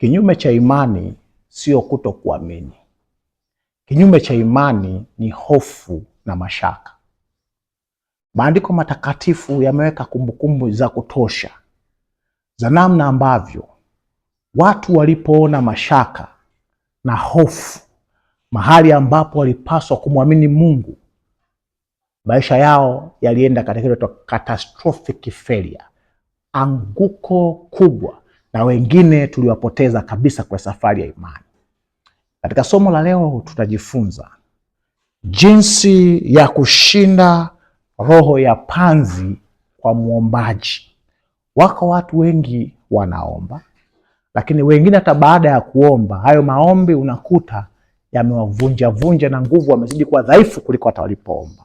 Kinyume cha imani sio kutokuamini. Kinyume cha imani ni hofu na mashaka. Maandiko matakatifu yameweka kumbukumbu za kutosha za namna ambavyo watu walipoona mashaka na hofu mahali ambapo walipaswa kumwamini Mungu, maisha yao yalienda katika catastrophic failure, anguko kubwa na wengine tuliwapoteza kabisa kwa safari ya imani. Katika somo la leo tutajifunza jinsi ya kushinda roho ya panzi kwa mwombaji. Wako watu wengi wanaomba, lakini wengine hata baada ya kuomba hayo maombi unakuta yamewavunja vunja na nguvu, wamezidi kuwa dhaifu kuliko hata walipoomba.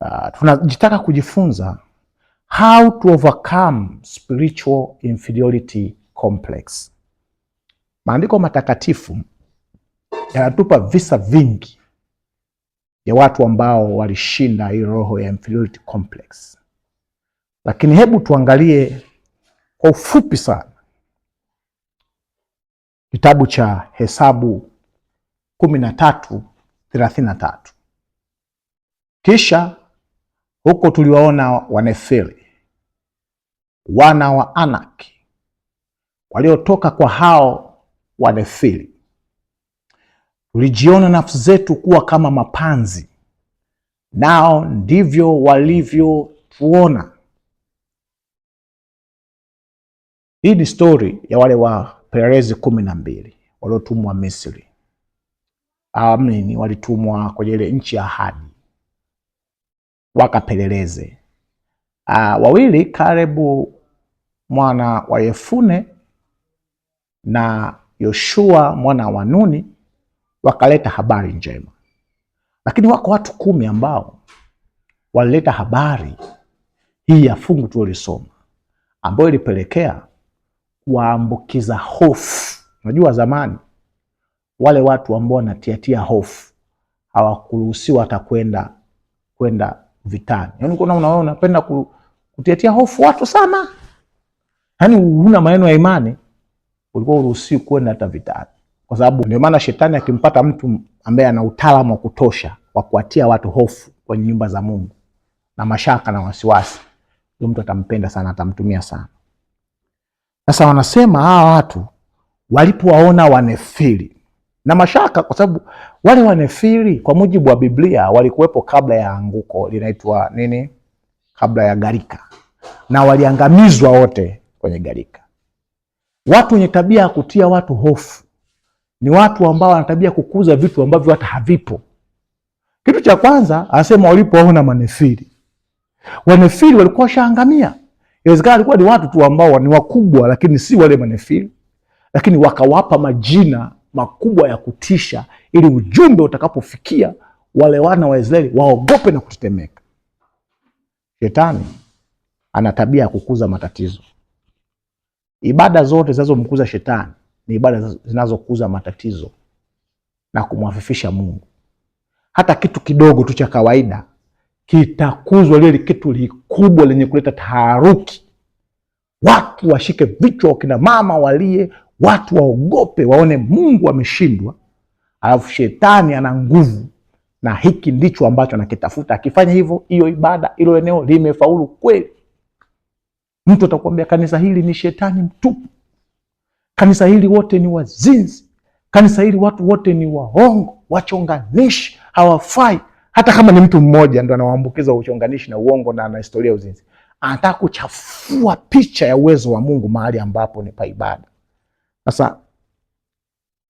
Uh, tunajitaka kujifunza How to overcome spiritual inferiority complex. Maandiko matakatifu yanatupa visa vingi ya watu ambao walishinda hii roho ya inferiority complex, lakini hebu tuangalie kwa ufupi sana kitabu cha Hesabu kumi na tatu thelathini na tatu kisha huko tuliwaona Wanefeli, wana wa Anaki waliotoka kwa hao Wanefili. Tulijiona nafsi zetu kuwa kama mapanzi, nao ndivyo walivyotuona. Hii ni stori ya wale wapelelezi kumi na mbili waliotumwa Misri, amini, walitumwa kwenye ile nchi ya ahadi wakapeleleze. Uh, wawili Kalebu mwana wa Yefune na Yoshua mwana wa Nuni wakaleta habari njema, lakini wako watu kumi ambao walileta habari hii ya fungu tuliosoma ambayo ilipelekea kuwaambukiza hofu. Unajua, zamani wale watu ambao wanatiatia hofu hawakuruhusiwa hata kwenda kwenda vitani. Yaani kuna unaona wewe unapenda kutiatia hofu watu sana. Yaani huna maneno ya imani, ulikuwa uruhusi kwenda hata vitani. Kwa sababu ndio maana shetani akimpata mtu ambaye ana utaalamu wa kutosha wa kuatia watu hofu kwenye nyumba za Mungu na mashaka na wasiwasi, huyo mtu atampenda sana, atamtumia sana. Sasa wanasema hawa watu walipowaona Wanefili na mashaka, kwa sababu wale wanefiri kwa mujibu wa Biblia walikuwepo kabla ya anguko linaitwa nini, kabla ya gharika, na waliangamizwa wote kwenye gharika. Watu wenye tabia ya kutia watu hofu ni watu ambao wana tabia kukuza vitu ambavyo hata havipo. Kitu cha kwanza anasema walipoona manefiri, wanefiri walikuwa washaangamia. Inawezekana walikuwa ni watu tu ambao ni wakubwa, lakini si wale manefiri, lakini wakawapa majina makubwa ya kutisha, ili ujumbe utakapofikia wale wana wa Israeli waogope na kutetemeka. Shetani ana tabia ya kukuza matatizo. Ibada zote zinazomkuza shetani ni ibada zinazokuza matatizo na kumwafifisha Mungu. Hata kitu kidogo tu cha kawaida kitakuzwa lile kitu likubwa lenye kuleta taharuki. Watu washike vichwa, wakina mama walie, watu waogope, waone Mungu ameshindwa, wa alafu shetani ana nguvu, na hiki ndicho ambacho anakitafuta. Akifanya hivyo, hiyo ibada, hilo eneo limefaulu kweli. Mtu atakuambia kanisa hili ni shetani mtupu, kanisa hili wote ni wazinzi, kanisa hili watu wote ni waongo, wachonganishi, hawafai. Hata kama ni mtu mmoja ndo anawaambukiza uchonganishi na uongo na ana historia uzinzi, anataka kuchafua picha ya uwezo wa Mungu mahali ambapo ni ibada. Sasa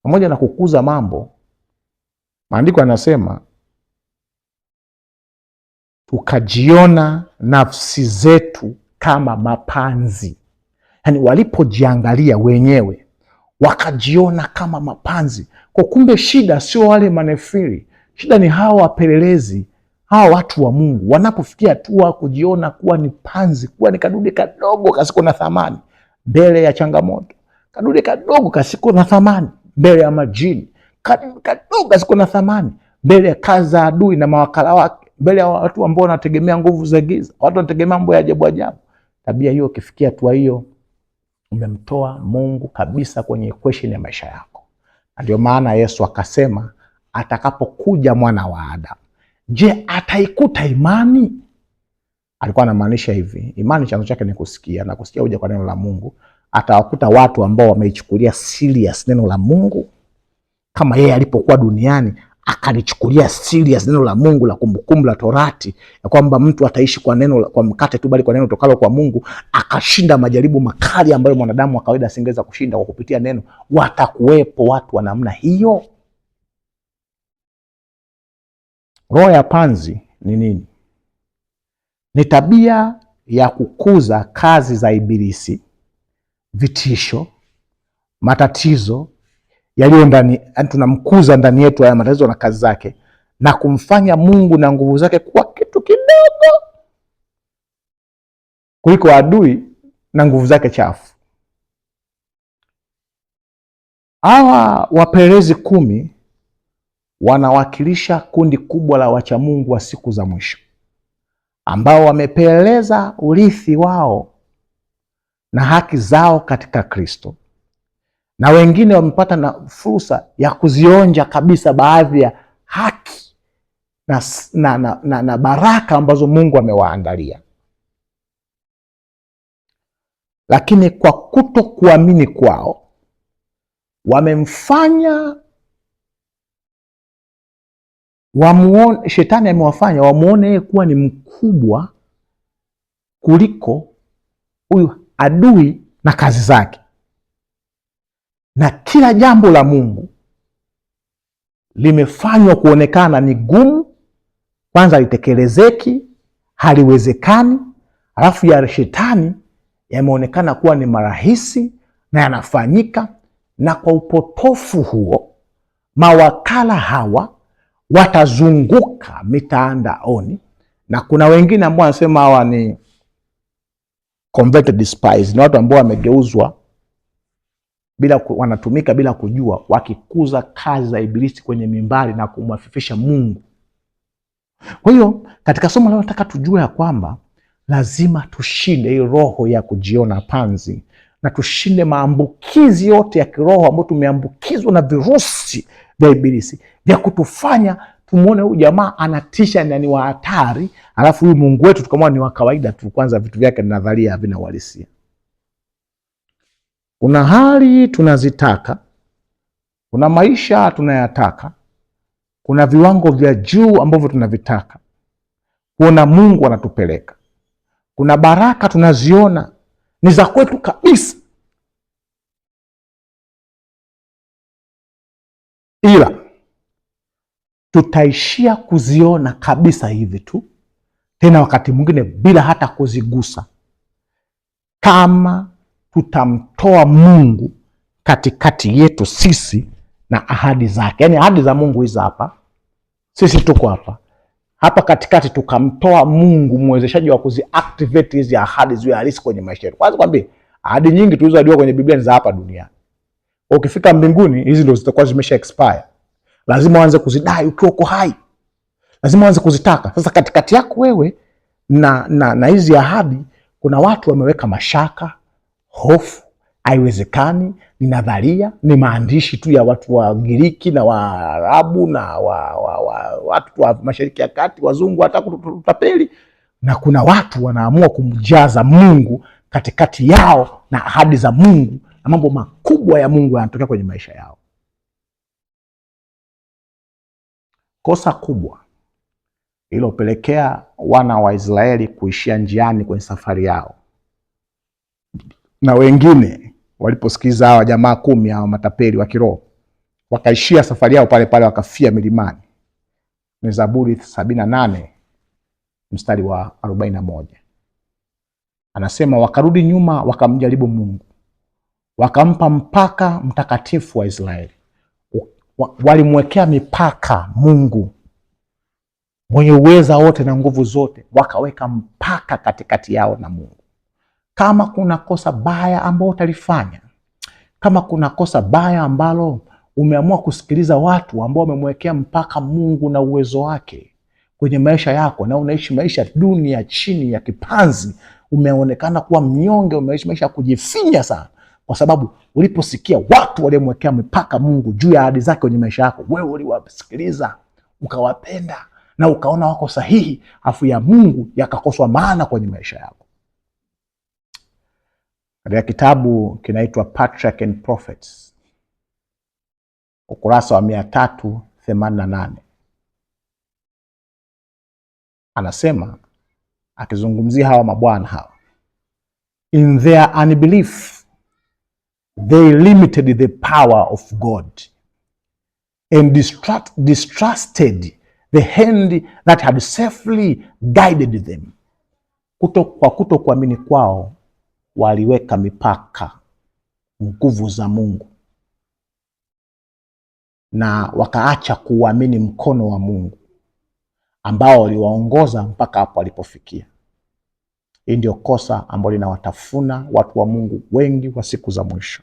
pamoja na kukuza mambo, maandiko yanasema tukajiona nafsi zetu kama mapanzi. Yani walipojiangalia wenyewe wakajiona kama mapanzi. Kwa kumbe, shida sio wale manefiri, shida ni hawa wapelelezi, hawa watu wa Mungu wanapofikia hatua kujiona kuwa ni panzi, kuwa ni kadude kadogo kasiko na thamani mbele ya changamoto kadude kadogo kasiko na thamani mbele ya majini, kadogo kasiko na thamani mbele ya kazi za adui na mawakala wake, mbele ya watu ambao wanategemea nguvu za giza, watu wanategemea mambo ya ajabu ajabu. Tabia hiyo, ukifikia hatua hiyo, umemtoa Mungu kabisa kwenye equation ya maisha yako, na ndio maana Yesu akasema atakapokuja mwana wa Adamu, je, ataikuta imani? Alikuwa anamaanisha hivi, imani chanzo chake ni kusikia na kusikia huja kwa neno la Mungu atawakuta watu ambao wameichukulia serious neno la Mungu kama yeye alipokuwa duniani akalichukulia serious neno la Mungu la kumbukumbu la Torati, ya kwamba mtu ataishi kwa neno kwa mkate tu, bali kwa neno tokalo kwa Mungu, akashinda majaribu makali ambayo mwanadamu wa kawaida asingeweza kushinda kwa kupitia neno. Watakuwepo watu wa namna hiyo. Roho ya panzi ni nini? Ni tabia ya kukuza kazi za Ibilisi vitisho, matatizo yaliyo ndani, yani tunamkuza ndani yetu haya matatizo na kazi zake, na kumfanya Mungu na nguvu zake kuwa kitu kidogo kuliko adui na nguvu zake chafu. Hawa wapelelezi kumi wanawakilisha kundi kubwa la wachamungu wa siku za mwisho ambao wamepeleleza urithi wao na haki zao katika Kristo, na wengine wamepata na fursa ya kuzionja kabisa baadhi ya haki na, na, na, na, na baraka ambazo Mungu amewaandalia. Lakini kwa kuto kuamini kwao wamemfanya wamuone, shetani amewafanya wamuone yeye kuwa ni mkubwa kuliko huyu adui na kazi zake, na kila jambo la Mungu limefanywa kuonekana ni gumu, kwanza halitekelezeki, haliwezekani, alafu ya shetani yameonekana kuwa ni marahisi na yanafanyika. Na kwa upotofu huo mawakala hawa watazunguka mitandaoni, na kuna wengine ambao wanasema hawa ni converted despised, ni watu ambao wamegeuzwa bila wanatumika bila kujua, wakikuza kazi za Ibilisi kwenye mimbari na kumwafifisha Mungu. Kwa hiyo katika somo leo nataka tujue ya kwamba lazima tushinde hii roho ya kujiona panzi na tushinde maambukizi yote ya kiroho ambayo tumeambukizwa na virusi vya Ibilisi vya kutufanya tumwone huyu jamaa anatisha na ni wa hatari, Alafu huyu Mungu wetu tukamwona ni wa kawaida tu, kwanza vitu vyake ni nadharia, havina uhalisia. Kuna hali tunazitaka, kuna maisha tunayataka, kuna viwango vya juu ambavyo tunavitaka kuona Mungu anatupeleka, kuna baraka tunaziona ni za kwetu kabisa, ila tutaishia kuziona kabisa hivi tu tena wakati mwingine bila hata kuzigusa. Kama tutamtoa Mungu katikati yetu sisi na ahadi zake, yaani ahadi za Mungu hizi hapa, sisi tuko hapa hapa katikati, tukamtoa Mungu mwezeshaji wa kuziactivate hizi ahadi ziwe halisi kwenye maisha yetu. Kwanza kwambie ahadi nyingi tulizojua kwenye Biblia ni za hapa duniani. Ukifika mbinguni hizi ndio zitakuwa zimesha expire, lazima uanze kuzidai ukiwa uko hai lazima uanze kuzitaka. Sasa katikati yako wewe na na na hizi ahadi, kuna watu wameweka mashaka, hofu, haiwezekani, ni nadharia, ni maandishi tu ya watu wa Giriki na Waarabu na wa, wa, wa, watu wa Mashariki ya Kati, wazungu hata kutapeli, na kuna watu wanaamua kumjaza Mungu katikati yao na ahadi za Mungu na mambo makubwa ya Mungu yanatokea kwenye maisha yao. Kosa kubwa ilopelekea wana wa Israeli kuishia njiani kwenye safari yao, na wengine waliposikiza hawa jamaa kumi hawa matapeli wa kiroho wakaishia safari yao pale pale, wakafia milimani. Ni Zaburi sabini na nane mstari wa arobaini na moja anasema, wakarudi nyuma wakamjaribu Mungu, wakampa mpaka mtakatifu wa Israeli. Walimwekea mipaka Mungu mwenye uweza wote na nguvu zote, wakaweka mpaka katikati yao na Mungu. Kama kuna kosa baya ambalo utalifanya, kama kuna kosa baya ambalo umeamua kusikiliza watu ambao wamemwekea mpaka Mungu na uwezo wake kwenye maisha yako, na unaishi maisha duni ya chini ya kipanzi, umeonekana kuwa mnyonge, umeishi maisha ya kujifinya sana, kwa sababu uliposikia watu waliomwekea mipaka Mungu juu ya ahadi zake kwenye maisha yako, wewe uliwasikiliza ukawapenda na ukaona wako sahihi, afu ya Mungu yakakoswa maana kwenye maisha yako. Katika kitabu kinaitwa and Prophets, ukurasa wa mia tatu themanini na nane anasema akizungumzia hawa mabwana hawa, in their unbelief they limited the power of God and distrust, distrusted the hand that had safely guided them. Kuto, kwa kutokuamini kwao waliweka mipaka nguvu za Mungu na wakaacha kuuamini mkono wa Mungu ambao waliwaongoza mpaka hapo walipofikia. Hii ndio kosa ambalo linawatafuna watu wa Mungu wengi wa siku za mwisho.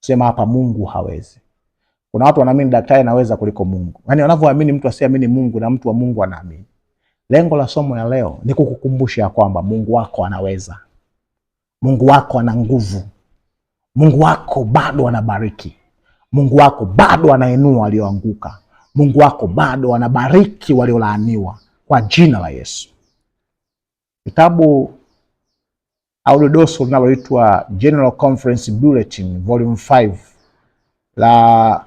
Sema hapa Mungu hawezi. Kuna watu wanaamini daktari anaweza kuliko Mungu, yaani wanavyoamini mtu asiamini Mungu na mtu wa Mungu anaamini. Lengo la somo ya leo ni kukukumbusha kwamba Mungu wako anaweza, Mungu wako ana nguvu, Mungu wako bado anabariki, Mungu wako bado anainua walioanguka, Mungu wako bado anabariki waliolaaniwa, kwa jina la Yesu. Kitabu au dodoso linaloitwa General Conference Bulletin Volume 5 la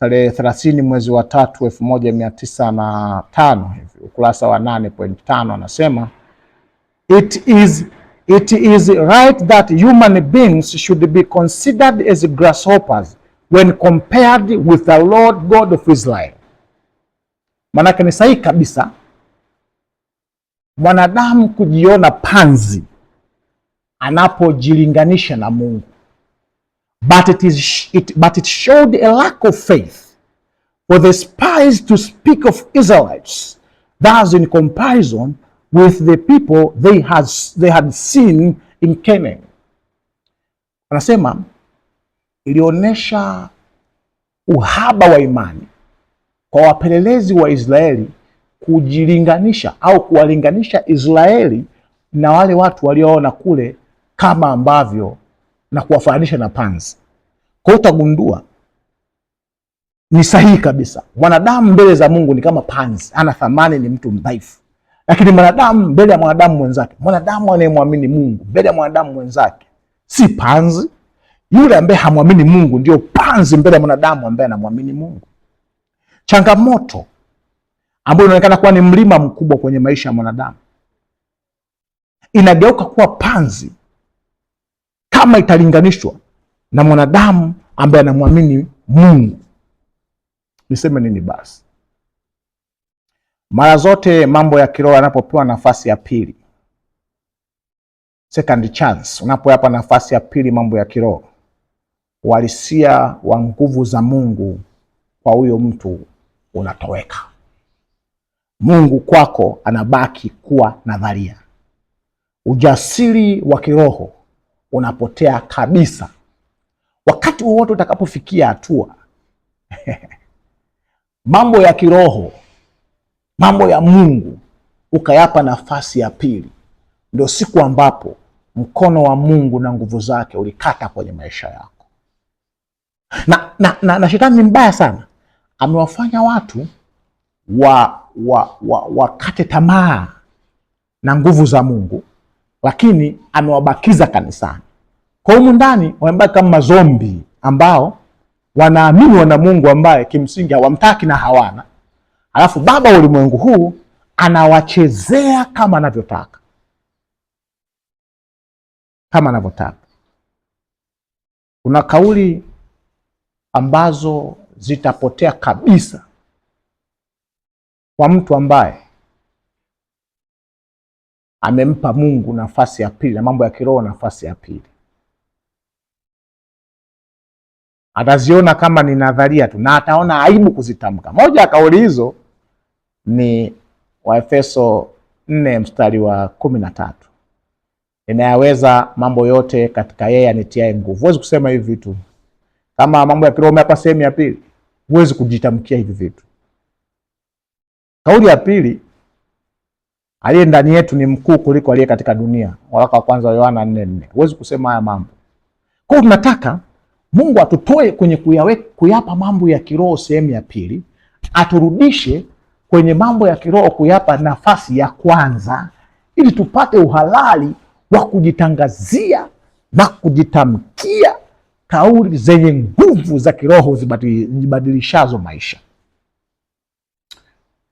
tarehe 30 mwezi wa tatu elfu moja mia tisa na tano hivi, ukurasa wa 8.5 anasema it is It is right that human beings should be considered as grasshoppers when compared with the Lord God of Israel. Manake ni sahihi kabisa mwanadamu kujiona panzi anapojilinganisha na Mungu but it, is, it, but it showed a lack of faith for the spies to speak of Israelites, thus in comparison with the people they had, they had seen in Canaan. Anasema ilionyesha uhaba wa imani kwa wapelelezi wa Israeli kujilinganisha au kuwalinganisha Israeli na wale watu walioona kule kama ambavyo na kuwafananisha na panzi. Kwa hiyo utagundua ni sahihi kabisa, mwanadamu mbele za Mungu ni kama panzi, ana thamani, ni mtu mdhaifu. Lakini mwanadamu mbele ya mwanadamu mwenzake, mwanadamu anayemwamini Mungu mbele ya mwanadamu mwenzake si panzi. Yule ambaye hamwamini Mungu ndio panzi mbele ya mwanadamu ambaye anamwamini Mungu. Changamoto ambayo inaonekana kuwa ni mlima mkubwa kwenye maisha ya mwanadamu inageuka kuwa panzi kama italinganishwa na mwanadamu ambaye anamwamini Mungu, niseme nini basi? Mara zote mambo ya kiroho yanapopewa nafasi ya pili, second chance, unapoyapa nafasi ya pili mambo ya kiroho, uhalisia wa nguvu za Mungu kwa huyo mtu unatoweka. Mungu kwako anabaki kuwa nadharia. Ujasiri wa kiroho unapotea kabisa. Wakati wowote utakapofikia hatua mambo ya kiroho, mambo ya Mungu ukayapa nafasi ya pili, ndio siku ambapo mkono wa Mungu na nguvu zake ulikata kwenye maisha yako. Na, na, na, na shetani ni mbaya sana, amewafanya watu wa, wa, wa, wakate tamaa na nguvu za Mungu lakini amewabakiza kanisani. Kwa humu ndani wamebaki kama mazombi ambao wanaamini wana Mungu ambaye kimsingi hawamtaki na hawana, alafu baba wa ulimwengu huu anawachezea kama anavyotaka, kama anavyotaka. Kuna kauli ambazo zitapotea kabisa kwa mtu ambaye amempa Mungu nafasi ya pili na mambo ya kiroho nafasi ya pili. Ataziona kama ni nadharia tu na ataona aibu kuzitamka. Moja ya kauli hizo ni Waefeso nne mstari wa kumi na tatu inayaweza mambo yote katika yeye anitiaye nguvu. Huwezi kusema hivi vitu kama mambo ya kiroho umeapa sehemu ya pili, huwezi kujitamkia hivi vitu. Kauli ya pili aliye ndani yetu ni mkuu kuliko aliye katika dunia, waraka wa kwanza wa Yohana 4:4. Huwezi kusema haya mambo. Kwa hiyo tunataka Mungu atutoe kwenye kuyawe, kuyapa mambo ya kiroho sehemu ya pili, aturudishe kwenye mambo ya kiroho kuyapa nafasi ya kwanza, ili tupate uhalali wa kujitangazia na kujitamkia kauli zenye nguvu za kiroho zibadilishazo maisha.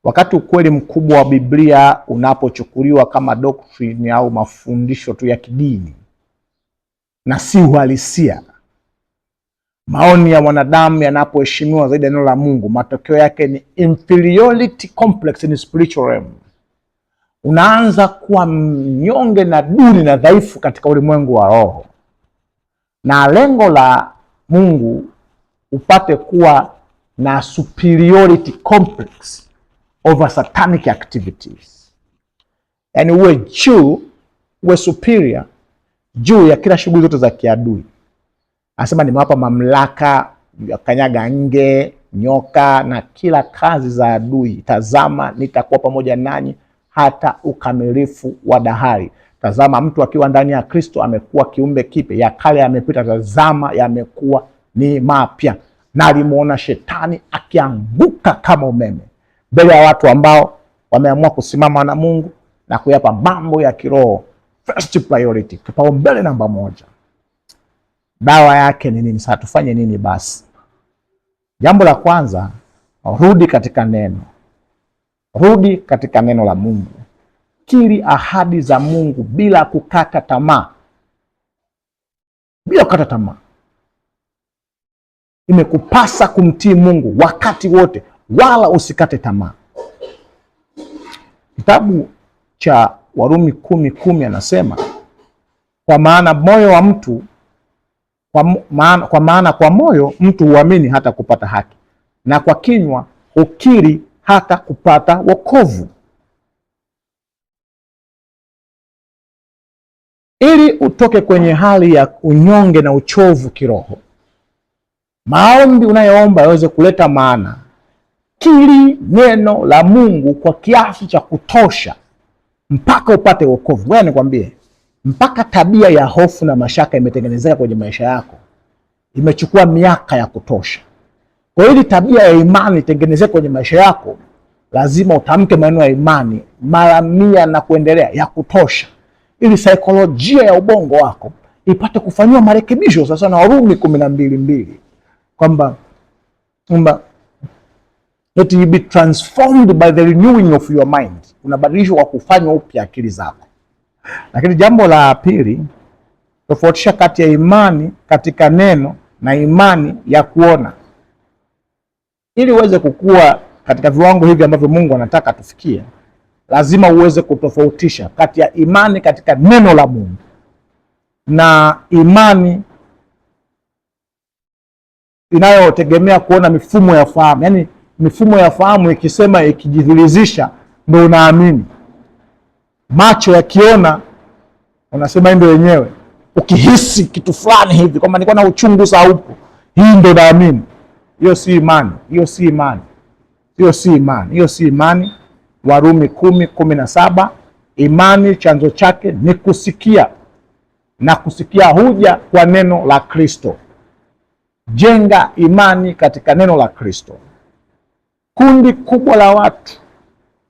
Wakati ukweli mkubwa wa Biblia unapochukuliwa kama doctrine au mafundisho tu ya kidini na si uhalisia, maoni ya wanadamu yanapoheshimiwa zaidi ya neno la Mungu, matokeo yake ni inferiority complex in spiritual realm. Unaanza kuwa mnyonge na duni na dhaifu katika ulimwengu wa roho, na lengo la Mungu upate kuwa na superiority complex over satanic activities, yaani uwe juu, uwe superior juu ya kila shughuli zote za kiadui. Anasema nimewapa mamlaka ya kanyaga nge, nyoka na kila kazi za adui. Tazama, nitakuwa pamoja nanyi hata ukamilifu wa dahari. Tazama, mtu akiwa ndani ya Kristo amekuwa kiumbe kipya, ya kale yamepita, tazama, yamekuwa ni mapya. Na alimwona shetani akianguka kama umeme mbele ya watu ambao wameamua kusimama na Mungu na kuyapa mambo ya kiroho first priority, kipaumbele namba moja. Dawa yake ni nini? Sasa tufanye nini basi? Jambo la kwanza, rudi katika neno, rudi katika neno la Mungu, kiri ahadi za Mungu bila kukata tamaa, bila kukata tamaa. Imekupasa kumtii Mungu wakati wote wala usikate tamaa. Kitabu cha Warumi kumi kumi anasema kwa maana moyo wa mtu kwa maana, kwa maana kwa moyo mtu huamini hata kupata haki na kwa kinywa ukiri hata kupata wokovu. Ili utoke kwenye hali ya unyonge na uchovu kiroho, maombi unayoomba yaweze kuleta maana kili neno la Mungu kwa kiasi cha kutosha mpaka upate wokovu. Ngoja nikwambie, mpaka tabia ya hofu na mashaka imetengenezeka kwenye maisha yako, imechukua miaka ya kutosha. Kwa hiyo tabia ya imani itengenezeke kwenye maisha yako, lazima utamke maneno ya imani mara mia na kuendelea, ya kutosha, ili saikolojia ya ubongo wako ipate kufanyiwa marekebisho. Sasa na Warumi kumi na mbili mbili kwamba kwamba that you be transformed by the renewing of your mind, unabadilishwa kwa kufanywa upya akili zako. Lakini jambo la pili, tofautisha kati ya imani katika neno na imani ya kuona. Ili uweze kukua katika viwango hivi ambavyo Mungu anataka tufikie, lazima uweze kutofautisha kati ya imani katika neno la Mungu na imani inayotegemea kuona mifumo ya fahamu, yaani mifumo ya fahamu ikisema, ikijidhulizisha ndo unaamini. Macho yakiona unasema ndio yenyewe. Ukihisi kitu fulani hivi kwamba nilikuwa na uchungu upo hii ndio naamini. Hiyo si imani, hiyo si imani, hiyo si imani, hiyo si imani. Warumi kumi kumi na saba. Imani chanzo chake ni kusikia na kusikia huja kwa neno la Kristo. Jenga imani katika neno la Kristo. Kundi kubwa la watu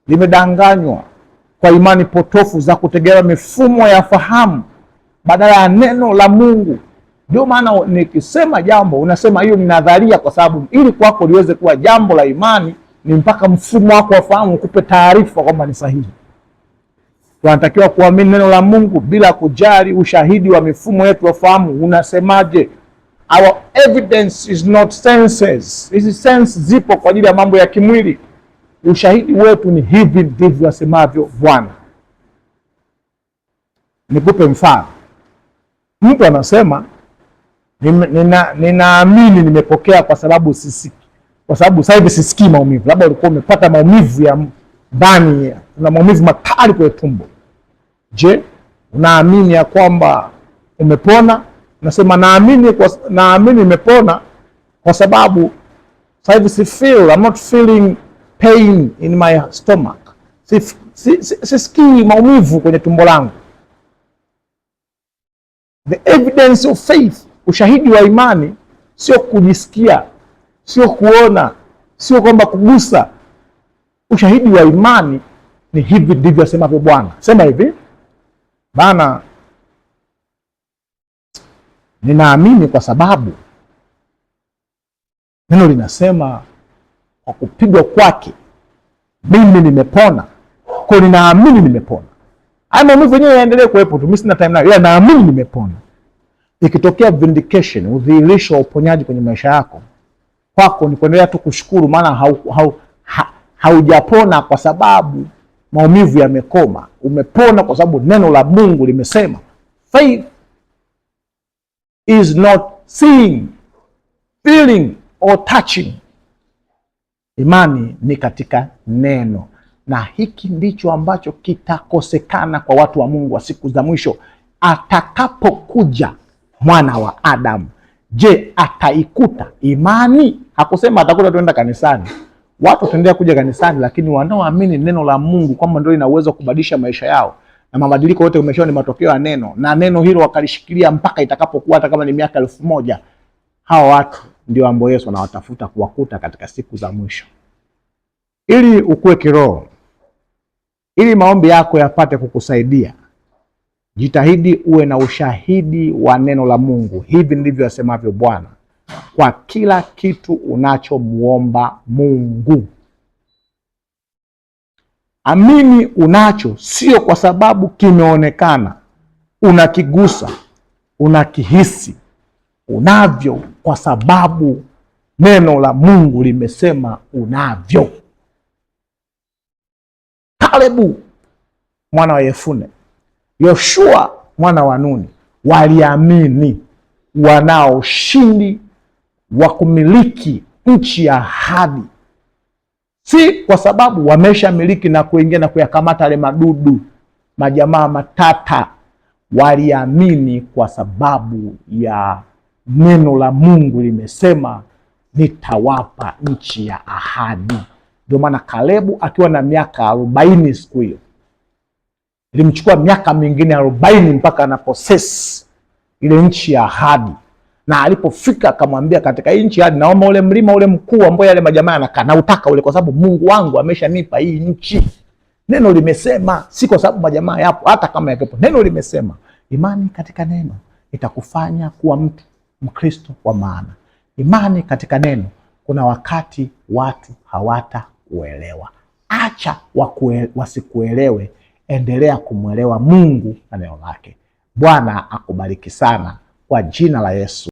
limedanganywa kwa imani potofu za kutegemea mifumo ya fahamu badala ya neno la Mungu. Ndio maana nikisema jambo unasema hiyo ni nadharia, kwa sababu ili kwako liweze kuwa jambo la imani ni mpaka mfumo wako wa fahamu ukupe taarifa kwamba ni sahihi. Tunatakiwa kuamini neno la Mungu bila kujali ushahidi wa mifumo yetu wa fahamu unasemaje. Our evidence is not senses. Hizi sense zipo kwa ajili ya mambo ya kimwili. Ushahidi wetu ni hivi ndivyo asemavyo Bwana. Nikupe mfano, mtu anasema nina, ninaamini nimepokea kwa sababu sisiki, kwa sababu sasa hivi sisikii maumivu. Labda ulikuwa umepata maumivu ya ndani, una maumivu makali kwenye tumbo. Je, unaamini ya kwamba umepona? Nasema naamini kwa, naamini nimepona kwa sababu sasa hivi si feel I'm not feeling pain in my stomach, si, si, si maumivu kwenye tumbo langu. The evidence of faith, ushahidi wa imani sio kujisikia, sio kuona, sio kwamba kugusa. Ushahidi wa imani ni hivi ndivyo asemavyo Bwana, sema hivi bana Ninaamini kwa sababu neno linasema kwa kupigwa kwake mimi nimepona, kwa ninaamini nimepona. Haya maumivu yenyewe yaendelee kuwepo tu, mimi sina time nayo, ila naamini nimepona. Ikitokea vindication, udhihirisho wa uponyaji kwenye maisha yako, kwako ni kuendelea tu kushukuru, maana hau, hau, ha, kwa sababu maumivu yamekoma. Umepona kwa sababu neno la Mungu limesema faith is not seeing, feeling or touching. Imani ni katika neno, na hiki ndicho ambacho kitakosekana kwa watu wa Mungu wa siku za mwisho atakapokuja mwana wa Adamu. Je, ataikuta imani? Hakusema atakuta tuenda kanisani. Watu wataendelea kuja kanisani, lakini wanaoamini neno la Mungu kwamba ndio lina uwezo wa kubadilisha maisha yao na mabadiliko yote umeshaona ni matokeo ya neno, na neno hilo wakalishikilia mpaka itakapokuwa hata kama ni miaka elfu moja. Hawa watu ndio ambao Yesu anawatafuta kuwakuta katika siku za mwisho, ili ukuwe kiroho, ili maombi yako yapate kukusaidia. Jitahidi uwe na ushahidi wa neno la Mungu. Hivi ndivyo asemavyo Bwana kwa kila kitu unachomuomba Mungu. Amini unacho, sio kwa sababu kimeonekana. Unakigusa, unakihisi, unavyo kwa sababu neno la Mungu limesema unavyo. Kalebu mwana wa Yefune, Yoshua mwana wa Nuni waliamini, wanao ushindi wa kumiliki nchi ya ahadi si kwa sababu miliki na kuingia na kuyakamata yale madudu majamaa matata. Waliamini kwa sababu ya neno la Mungu limesema, nitawapa nchi ya ahadi. Ndio maana Kalebu akiwa na miaka arobaini siku hiyo ilimchukua miaka mingine arobaini mpaka anaposesi ile nchi ya ahadi na alipofika akamwambia, katika nchi hadi naomba ule mlima ule mkuu ambao yale majamaa anakaa utaka ule, kwa sababu Mungu wangu ameshanipa hii nchi. Neno limesema, si kwa sababu majamaa yapo, hata kama yakepo, neno limesema. Imani katika neno itakufanya kuwa mtu Mkristo wa maana. Imani katika neno, kuna wakati watu hawata hawatakuelewa, acha wasikuelewe, endelea kumwelewa Mungu na neno lake. Bwana akubariki sana kwa jina la Yesu.